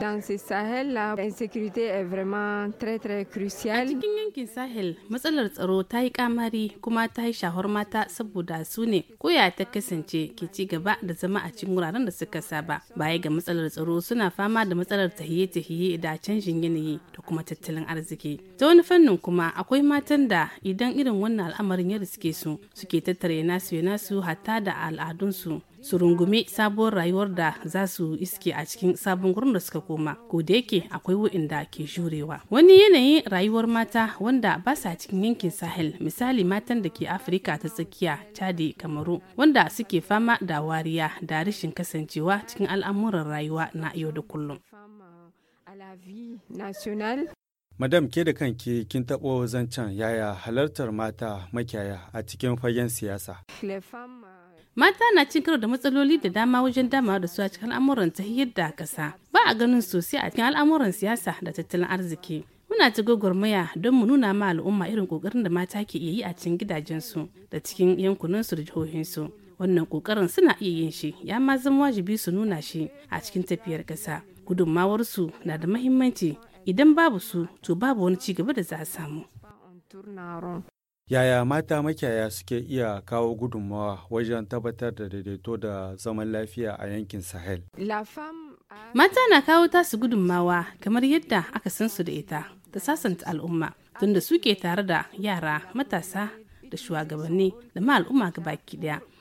Dans ce Sahel, l'insécurité est vraiment très très cruciale. A cikin yankin Sahel, matsalar tsaro ta yi kamari kuma ta yi shahar mata saboda su ne koya ta kasance ke ci gaba da zama a cikin wuraren da suka saba. Baya ga matsalar tsaro suna fama da matsalar tahiye-tahiye da canjin yanayi da kuma tattalin arziki. Ta wani fannin kuma akwai matan da idan irin wannan al'amarin ya riske su suke tattare nasu nasu hatta da al'adunsu su rungumi sabuwar rayuwar da za su iske a cikin sabon gurin da suka koma ko da yake akwai wa'inda ke jurewa wani yanayin rayuwar mata wanda ba sa cikin yankin sahel misali matan da ke afirka ta tsakiya chadi kamaru wanda suke fama da wariya da rashin kasancewa cikin al'amuran rayuwa na yau da kullum Madam ke da kanki kin taɓo zancen yaya halartar mata makiyaya a cikin fagen siyasa. mata na cin karo da matsaloli da dama wajen damawa da su a cikin al'amuran ta da kasa ba a ganin sosai a cikin al'amuran siyasa da tattalin arziki muna ta gwagwarmaya don mu nuna ma al'umma irin kokarin da mata ke iya yi a cikin gidajensu da cikin yankunansu da jihohinsu wannan kokarin suna iya yin shi ya ma zama wajibi su nuna shi a cikin tafiyar kasa gudunmawarsu na da mahimmanci idan babu su to babu wani ci gaba da za a samu Yaya mata makiyaya suke iya kawo gudunmawa wajen tabbatar da daidaito da zaman lafiya a yankin Sahel? Mata na kawo tasu gudunmawa kamar yadda aka san su da ita ta sasanta al'umma tunda suke tare da yara matasa da shugabanni da ma al'umma ga baki daya